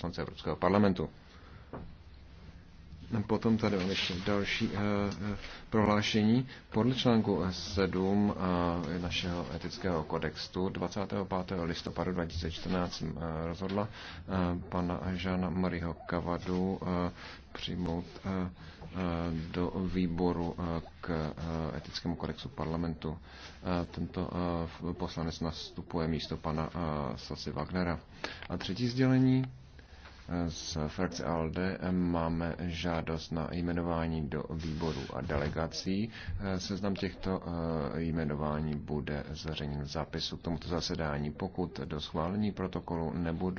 poslance Evropského parlamentu. Potom tady mám ještě další eh, eh, prohlášení. Podle článku 7 eh, našeho etického kodextu 25. listopadu 2014 rozhodla pana Žána Mariho Kavadu přijmout do výboru k etickému kodexu parlamentu. Tento poslanec nastupuje místo pana Sasi Wagnera. A třetí sdělení z frakce ALDE máme žádost na jmenování do výborů a delegací. Seznam těchto eh, jmenování bude zveřejněn v zápisu k tomuto zasedání. Pokud do schválení protokolu nebudou